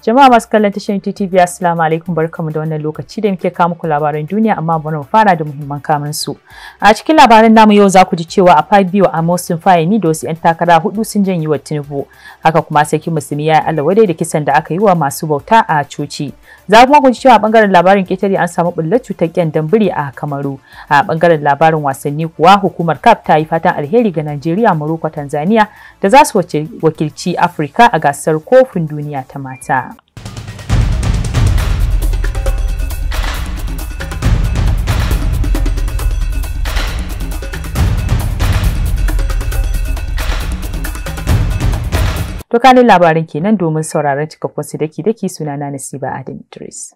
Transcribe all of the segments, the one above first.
Jama'a masu kallon tashar TTV Assalamu alaikum barkamu da wannan lokaci da muke kawo muku labaran duniya amma bari mu fara da muhimman kamar su. A cikin labaran namu yau za ku ji cewa a biyu a Mosin faye ni da wasu 'yan takara hudu sun janye wa Tinubu. Haka kuma sarki musulmi ya yi alawadai da kisan da aka yi wa masu bauta a coci. Za kuma ku ji cewa a bangaren labarin ketare an samu bullar cutar ƙyan dambiri a Kamaru. A bangaren labarin wasanni kuwa hukumar CAF ta yi fatan alheri ga Najeriya, Morocco, Tanzania da za su wakilci Afirka a gasar kofin duniya ta mata. To labarin kenan domin sauraron cikakkun su daki daki sunana Nasiba Adam Idris.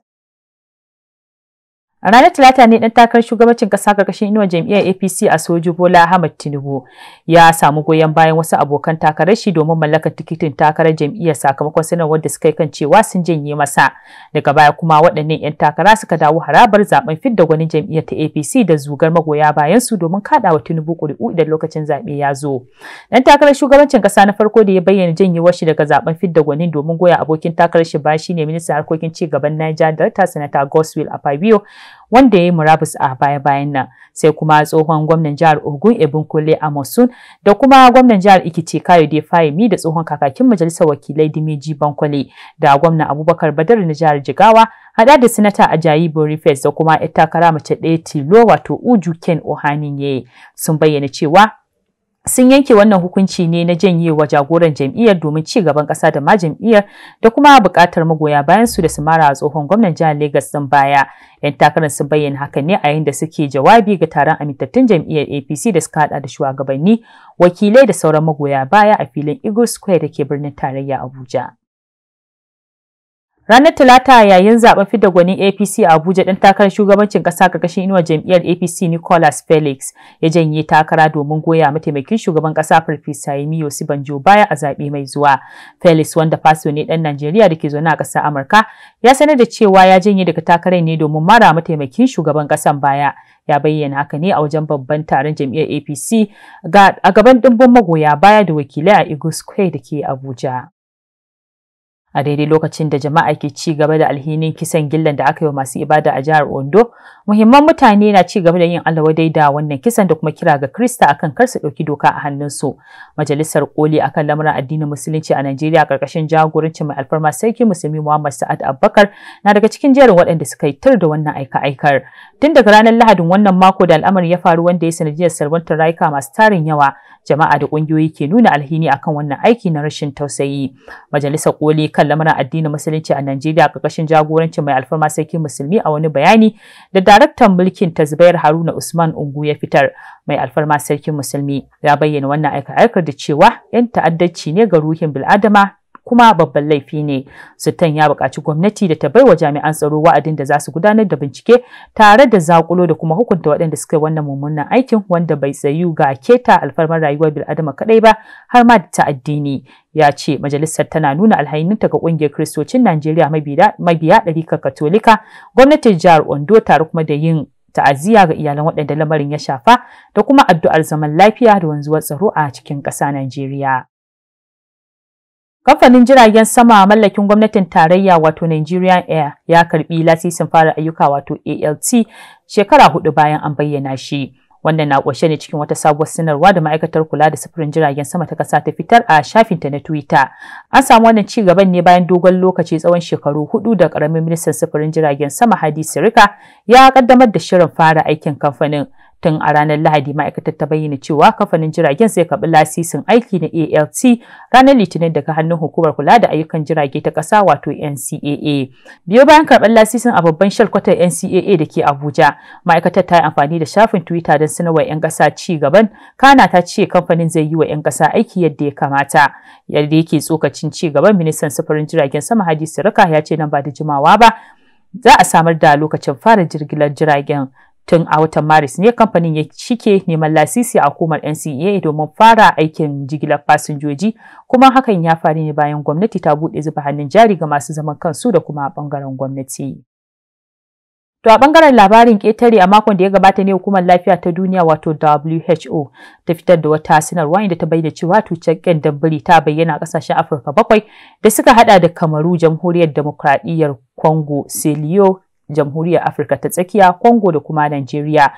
A ranar Talata ne ɗan takarar shugabancin ƙasa ƙarƙashin inuwar jam'iyyar APC a Soji Bola Ahmad Tinubu ya samu goyon bayan wasu abokan takarar shi domin mallakar tikitin takarar jam'iyyar sakamakon sanarwar da suka yi kan cewa sun janye masa. Daga baya kuma waɗannan 'yan takara suka dawo harabar zaben fidda gwanin jam'iyyar ta APC da zugar magoya bayan su domin kaɗawa Tinubu ƙuri'u idan lokacin zaɓe ya zo. Ɗan takarar shugabancin ƙasa na farko da ya bayyana janyewar shi daga zaben fidda gwanin domin goya abokin takarar shi ba ne ministan harkokin ci gaban Niger Delta Sanata Goswill Akpabio wanda ya yi murabus a baya-bayan nan sai kuma tsohon gwamnan jihar Ogun Ebun Kule Amosun da kuma gwamnan jihar Ikiti Kayode Fayemi da tsohon kakakin majalisar wakilai Dimeji Bankole da gwamnan Abubakar Badar na jihar Jigawa haɗa da sinata Ajayi Boniface da kuma 'yar takara mace ɗaya tilo wato Uju Ken Ohaninye sun bayyana cewa sun yanke wannan hukunci ne na wa jagoran jam'iyyar domin ci gaban ƙasa da ma jam'iyyar da kuma buƙatar magoya bayan su da su mara tsohon gwamnan jihar Legas din baya. 'Yan takarar sun bayyana haka ne a yayin da suke jawabi ga taron amintattun jam'iyyar APC da suka hada da shugabanni, wakilai da sauran magoya baya a filin Eagle Square da ke birnin tarayya Abuja. Ranar Talata yayin zaben fidda gwanin APC a Abuja dan takarar shugabancin kasa karkashin inuwar jam'iyyar APC Nicholas Felix ya janye takara domin goya mataimakin shugaban kasa Farfesa Yemi Osibanjo baya a zabe mai zuwa. Felix wanda faso ne dan Najeriya da ke zaune a kasar Amurka ya sanar da cewa ya janye daga takarar ne domin mara mataimakin shugaban ƙasan baya. Ya bayyana haka ne a wajen babban taron jam'iyyar APC a gaban dimbin magoya baya da wakilai a Eagle Square da ke Abuja. a daidai lokacin da jama'a ke ci gaba da alhinin kisan gillan da aka yi wa masu ibada a jihar Ondo muhimman mutane na ci gaba da yin Allah wadai da wannan kisan da kuma kira ga Krista akan kar su ɗauki doka a hannunsu majalisar koli akan lamuran addinin musulunci a Najeriya karkashin jagoranci mai alfarma sarki musulmi Muhammad Sa'ad Abubakar na daga cikin jerin waɗanda suka yi tur da wannan aika-aikar tun daga ranar Lahadin wannan mako da al'amari ya faru wanda ya sanadiyar salwantar rayuka masu tarin yawa jama'a da ƙungiyoyi ke nuna alhini akan wannan aiki na rashin tausayi majalisar koli kan lamarin addinin musulunci a najeriya ƙarƙashin jagorancin mai alfarma sarki musulmi a wani bayani da daraktan mulkin ta haruna usman ungu ya fitar mai alfarma sarkin musulmi ya bayyana wannan aika aikar da cewa yan ta'addanci ne ga ruhin bil'adama kuma babban laifi ne sultan ya buƙaci gwamnati da ta bai wa jami'an tsaro wa'adin da za su gudanar da bincike tare da zakulo da kuma hukunta waɗanda suka yi wannan mummunan aikin wanda bai tsayu ga keta alfarmar rayuwar bil'adama kaɗai ba har ma da ta addini ya ce majalisar tana nuna alhaininta ga ƙungiyar kiristocin najeriya mabiya ɗari ka katolika gwamnatin jihar ondo tare kuma da yin ta'aziyya ga iyalan waɗanda lamarin ya shafa da kuma addu'ar zaman lafiya da wanzuwar tsaro a cikin ƙasa Najeriya. Kamfanin jiragen sama mallakin gwamnatin tarayya wato Nigerian Air ya karbi lasisin fara ayyuka wato ALT shekara hudu bayan an bayyana shi. Wannan na ƙunshe ne cikin wata sabuwar sanarwa da ma'aikatar kula da sufurin jiragen sama ta ƙasa ta fitar a shafinta na Twitter. An samu wannan ci gaban ne bayan dogon lokaci tsawon shekaru hudu da ƙaramin ministan sufurin jiragen sama Hadi Sirika ya ƙaddamar da shirin fara aikin kamfanin. tun a ranar lahadi ma'aikatar ta bayyana cewa kamfanin jiragen sai karɓi lasisin aiki na alt ranar litinin daga hannun hukumar kula da ayyukan jirage ta ƙasa wato ncaa biyo bayan karɓar lasisin a babban shalkwatar ncaa da ke abuja ma'aikatar ta yi amfani da shafin twitter don sanarwa 'yan ƙasa ci gaban kana ta ce kamfanin zai yi wa 'yan ƙasa aiki yadda ya kamata yadda yake tsokacin ci gaban ministan sufurin jiragen sama hadi sirika ya ce nan ba da jimawa ba za a samar da lokacin fara jirgilar jiragen tun a watan maris ne kamfanin ya shike neman lasisi a hukumar ncaa domin fara aikin jigilar fasinjoji kuma hakan ya faru ne bayan gwamnati ta buɗe zuba hannun jari ga masu zaman kansu da kuma ɓangaren gwamnati To a bangaren labarin ƙetare a makon da ya gabata ne hukumar lafiya ta duniya wato WHO ta fitar da wata sanarwa inda ta bayyana cewa cutar ƙyandambiri ta bayyana a ƙasashen Afirka bakwai da suka hada da Kamaru, Jamhuriyar Demokradiyyar Congo, Sierra jamhuriyar afirka ta tsakiya congo da kuma nigeria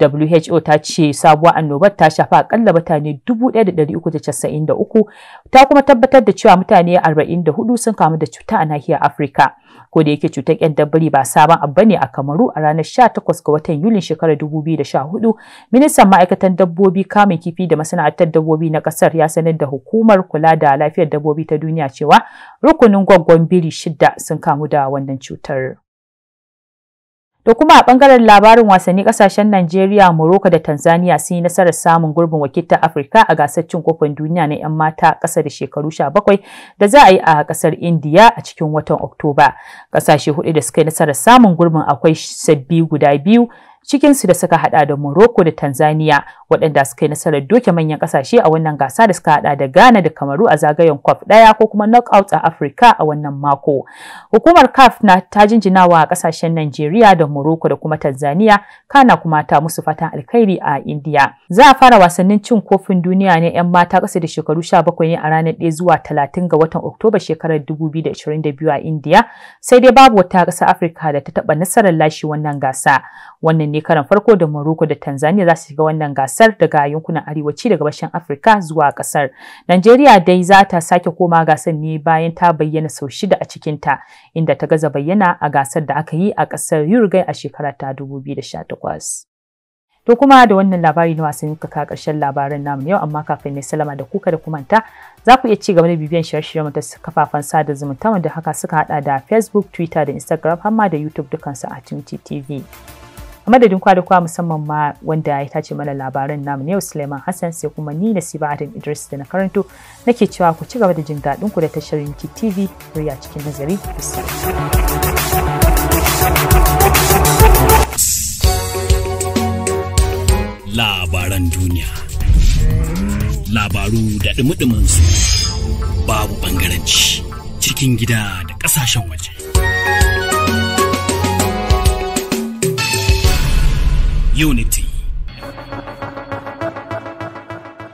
who ta ce sabuwar annobar ta shafa akalla mutane 1393 ta kuma tabbatar da cewa mutane 44 sun kamu da cuta a nahiyar afirka ko da yake cutar yan dabbari ba sabon abu ne a kamaru a ranar 18 ga watan yulin shekarar 2014 ministan ma'aikatan dabbobi kamun kifi da masana'antar dabbobi na kasar ya sanar da hukumar kula da lafiyar dabbobi ta duniya cewa rukunin gwaggon biri shida sun kamu da wannan cutar. To kuma a ɓangaren labarin wasanni kasashen Najeriya, Morocco da Tanzania sun yi nasarar samun gurbin wakiltar Afirka a gasar cin kofin duniya na 'yan mata ƙasa da shekaru 17 da za a yi a ƙasar Indiya a cikin watan Oktoba. Ƙasashe hudu da suka yi nasarar samun gurbin akwai sabbi guda biyu cikin su da suka hada da Morocco da Tanzania waɗanda suka yi nasarar doke manyan ƙasashe a wannan gasa da suka hada da Ghana da Kamaru a zagayen CAF ɗaya ko kuma knockout a Afirka a wannan mako. Hukumar CAF na ta jinjinawa a ƙasashen Najeriya da Morocco da kuma Tanzania kana kuma ta musu fatan alkhairi a India. Za a fara wasannin cin kofin duniya ne 'yan mata kasa da shekaru 17 ne a ranar 1 zuwa 30 ga watan Oktoba shekarar 2022 a India sai dai babu wata ƙasar Afirka da ta taba nasarar lashe wannan gasa. Wannan ne karan farko da Morocco da Tanzania za su shiga wannan gasar daga yankunan arewaci daga gabashin Afirka zuwa kasar. Najeriya dai za ta sake koma gasar ne bayan ta bayyana sau shida a cikin ta inda ta gaza bayyana a gasar da aka yi a kasar Uruguay a shekara ta 2018. To kuma da wannan labari na wasan wasanni ka karshen labaran namu yau amma kafin ne salama da kuka da kumanta za ku iya ci gaba da bibiyan shirye-shiryen ta kafafen sada zumunta wanda haka suka hada da Facebook, Twitter da Instagram har ma da YouTube dukansu a Timti TV. a madadin kwa musamman ma wanda ya tace mana labaran namu yau Suleiman Hassan sai kuma ni da Sibatin Idris da na karanto nake cewa ku ci gaba da jin daɗin ku da tashar Unity TV Riya cikin nazari. Labaran duniya Labaru da ɗumi su babu ɓangaranci cikin gida da ƙasashen waje. unity.